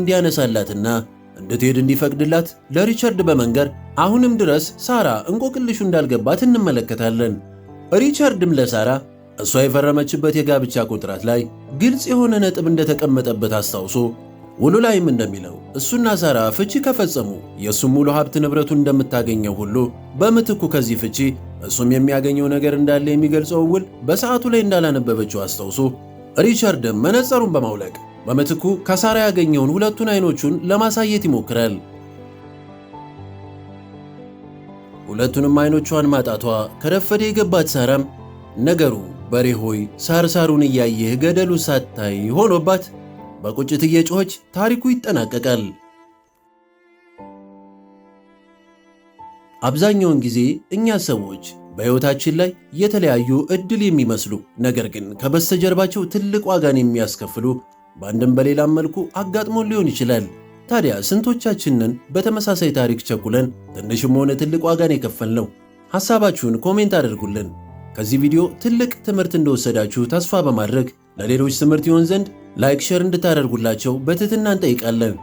እንዲያነሳላትና እንድትሄድ እንዲፈቅድላት ለሪቻርድ በመንገር አሁንም ድረስ ሳራ እንቆቅልሹ እንዳልገባት እንመለከታለን። ሪቻርድም ለሳራ እሷ የፈረመችበት የጋብቻ ኮንትራት ላይ ግልጽ የሆነ ነጥብ እንደተቀመጠበት አስታውሶ ውሉ ላይም እንደሚለው እሱና ሳራ ፍቺ ከፈጸሙ የእሱም ሙሉ ሀብት ንብረቱን እንደምታገኘው ሁሉ በምትኩ ከዚህ ፍቺ እሱም የሚያገኘው ነገር እንዳለ የሚገልጸውን ውል በሰዓቱ ላይ እንዳላነበበችው አስታውሶ ሪቻርድም መነጸሩን በማውለቅ በምትኩ ከሳራ ያገኘውን ሁለቱን አይኖቹን ለማሳየት ይሞክራል። ሁለቱንም አይኖቿን ማጣቷ ከረፈደ የገባት ሳራም ነገሩ በሬ ሆይ ሳርሳሩን እያየህ ገደሉ ሳታይ ሆኖባት በቁጭት እየጮኸች ታሪኩ ይጠናቀቃል። አብዛኛውን ጊዜ እኛ ሰዎች በሕይወታችን ላይ የተለያዩ ዕድል የሚመስሉ ነገር ግን ከበስተጀርባቸው ትልቅ ዋጋን የሚያስከፍሉ በአንድም በሌላም መልኩ አጋጥሞን ሊሆን ይችላል። ታዲያ ስንቶቻችንን በተመሳሳይ ታሪክ ቸኩለን ትንሽም ሆነ ትልቅ ዋጋን የከፈልነው? ሐሳባችሁን ኮሜንት አድርጉልን። ከዚህ ቪዲዮ ትልቅ ትምህርት እንደወሰዳችሁ ተስፋ በማድረግ ለሌሎች ትምህርት ይሆን ዘንድ ላይክ፣ ሼር እንድታደርጉላቸው በትህትና እንጠይቃለን።